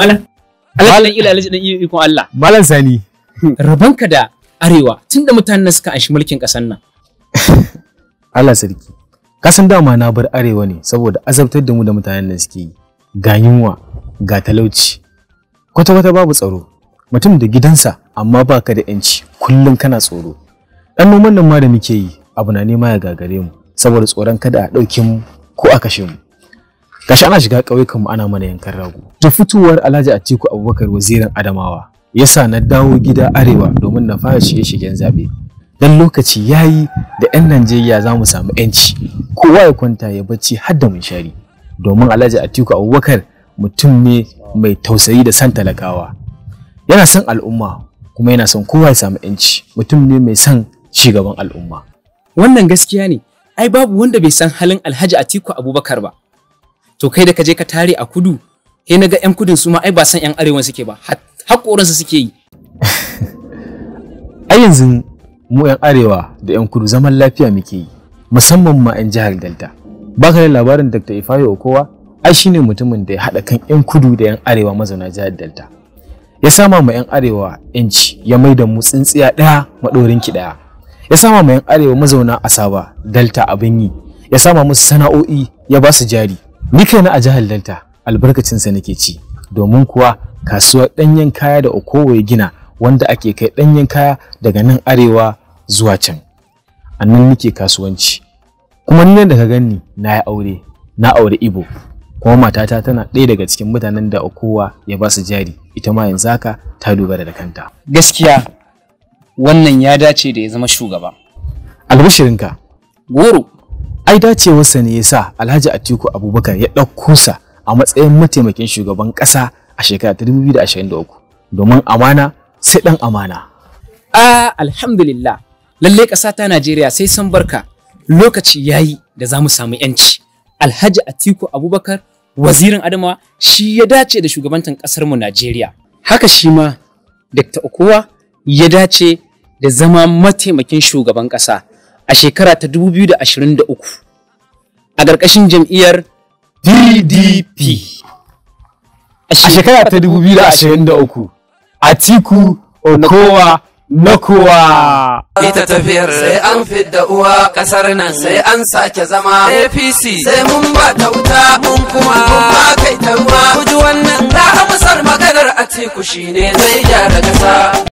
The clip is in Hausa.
malam dan Allah malam sani hmm. rabanka da arewa tunda mutanen nan suka anshi mulkin kasar nan Allah sarki kasan dama na bar arewa ne saboda azabtar da mu da mutanen nan suke yi ga yunwa ga talauci kwata kwata babu tsaro mutum da gidansa amma baka da yanci kullum kana tsoro dan noman nan ma da muke yi abu na nema ya gagare mu saboda tsoron kada a ɗauke mu ko a kashe mu gashi ana shiga ƙauyukanmu ana mana yankan rago da fitowar alhaji atiku abubakar wazirin adamawa yasa na dawo gida arewa domin na fara shige-shigen zaɓe dan lokaci ya yi da 'yan Najeriya za mu samu 'yanci kowa ya kwanta ya bacci har da shari domin Alhaji Atiku Abubakar mutum ne mai tausayi da san talakawa yana son al'umma kuma yana son kowa ya samu 'yanci mutum ne mai son ci gaban al'umma wannan gaskiya ne ai babu wanda bai san halin Alhaji Atiku Abubakar ba to kai da ka je ka tare a kudu sai na ga 'yan kudin su ma ai ba san 'yan arewan suke ba su suke yi a yanzu mu 'yan arewa da 'yan kudu zaman lafiya muke yi musamman ma 'yan jihar delta baka da labarin dr ifayo okowa ai shine mutumin da ya haɗa kan 'yan kudu da 'yan arewa mazauna jihar delta ya sama ma 'yan arewa 'yanci ya mai da mu tsintsiya ɗaya maɗorinki ɗaya ya sama ma 'yan arewa mazauna asaba delta abin yi ya sama musu sana'o'i ya ba su jari Ni na a jihar Delta albarkacinsa nake ci domin kuwa kasuwar ɗanyen kaya da Okowo ya gina wanda ake kai ɗanyen kaya daga nan arewa zuwa can. A nan nake kasuwanci. Kuma ni da ka ganni na yi aure, na aure Ibo. Kuma matata tana ɗaya daga cikin mutanen da Okowa ya ba su jari, ita ma yanzu haka ta dogara da kanta. Gaskiya wannan ya dace da ya zama shugaba. Albashirinka. Goro. ai dacewarsa ne ya sa alhaji atiku abubakar ya ɗauko sa a matsayin mataimakin shugaban ƙasa a shekara 2023 domin amana sai ɗan amana a alhamdulillah lallai ƙasa ta najeriya sai san barka lokaci ya yi da za mu samu yanci alhaji atiku abubakar wazirin adamawa shi ya dace da shugabantan mu najeriya haka shi ma dr okuwa ya dace da zama mataimakin shugaban ƙasa a shekara ta 2023 a ƙarƙashin jam'iyyar DDP. A shekara ta 2023 Atiku Okowa na kowa. Ita tafiyar sai an fidda uwa kasar nan sai an sake zama APC sai mun ba ta wuta mun kuma ba kai ta ruwa. Kuji wannan na amsar maganar Atiku shine zai gyara kasa.